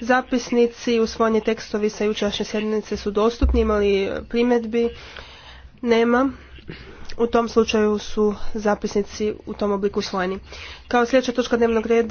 Zapisnici i usvojeni tekstovi sa jučerašnje sjednice su dostupni, imali primjedbi, nema. U tom slučaju su zapisnici u tom obliku usvojeni. Kao sljedeća točka dnevnog reda